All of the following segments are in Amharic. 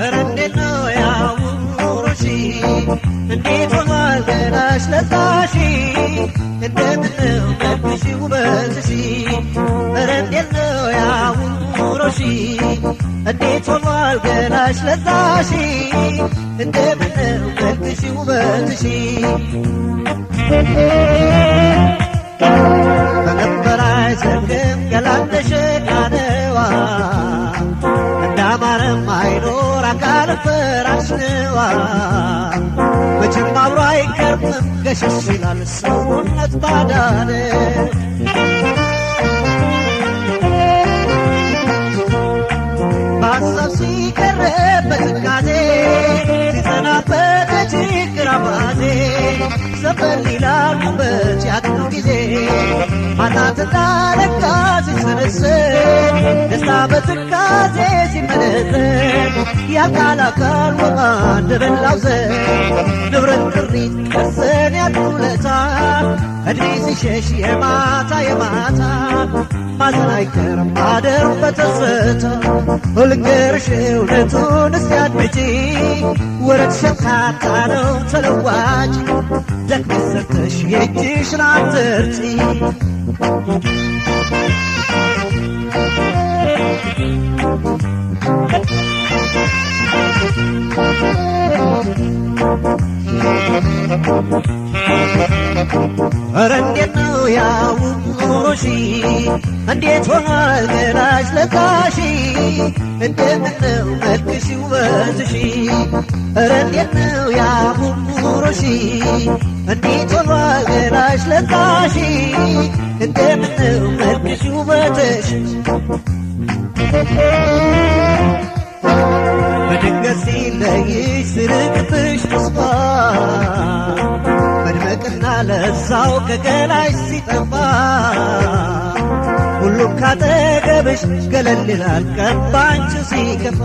ኧረ እንዴት ነው ያውሩሽ? ሆኗል ገላሽ ለዛሽ? እንደምን ነው መልክሽ ውበትሽ? ኧረ እንዴት ነው ያውሩሽ? እንዴት ሆኗል ገላሽ ለዛሽ? እንደምን መልክሽ ውበትሽ? በከንፈራሽ ዘንግም ገላን ፈራሽነዋ መቼም አብሮ አይቀርምም ገሸሽ ይላል ሰውነት ባዳነ ማሰብ ሲቀርብ በትካዜ ሲጸናበት ችግር አባዜ ሰፈር ይላሉ በቲያትሩ ጊዜ ማጣትና ለካ ሲሰነስ ደስታ በትካዜ ሲመነዘን የአካል አካል ወቃ ድብላው ዘ ንብረት ጥሪት ቀስን ያሉለታ እድሜ ሲሸሽ የማታ የማታ ማዘን አይቀርም ማደር በተስፈታ ልንገርሽ እውነቱን እስቲ አድምጪ ወረት ሸታታ ነው ተለዋጭ ደክመሽ ሰርተሽ የእጅሽን አትርጪ እረ እንዴት ነው ያ እንዴት ሆኗል ገላሽ ለካሽ? እንዴት ነው መልክሽ ውበትሽ? ኧረ እንዴት ነው ያ እንዴት ሆኗል ገላሽ ለካሽ? እንዴት ነው መልክሽ ውበትሽ? በድንገት ሲለይሽ ስርቅብሽ ተስፋ ለዛው ከገላሽ ሲጠፋ ሁሉም ካጠገብሽ ገለል ይላል ቀባንች ሲከፋ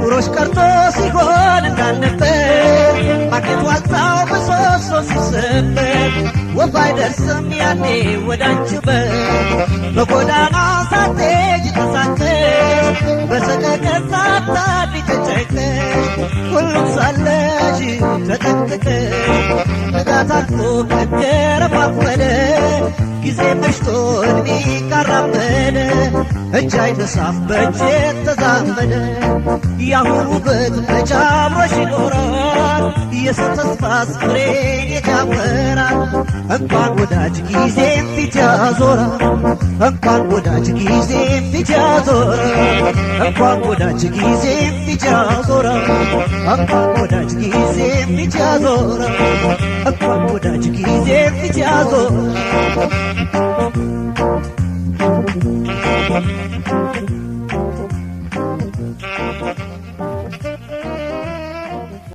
ኑሮሽ ቀርቶ ሲሆን እንዳልነበር ማግኘት ዋልታው በሶሶ ሲሰበር ወፍ አይደርስም ያኔ ወዳንችበት በጎዳና ሳቴጅ ተሳተሽ ተረፋፈለ ጊዜ መሽቶን ቢቃራመነ እጅ አይነሳፍ በእጅ ተዛመነ ያሁኑ ውበት መቻ ይኖራል የሰው ተስፋ ፍሬ ያፈራል። እንኳን ወዳጅ ጊዜ ፊት ያዞራል። እንኳን ወዳጅ ጊዜ ፊት ያዞራል። እንኳን ወዳጅ ጊዜ ፊት ያዞራል። እንኳን ወዳጅ ጊዜ ፊት እንኳን ወዳጅ ጊዜ ፊት ያዞራል።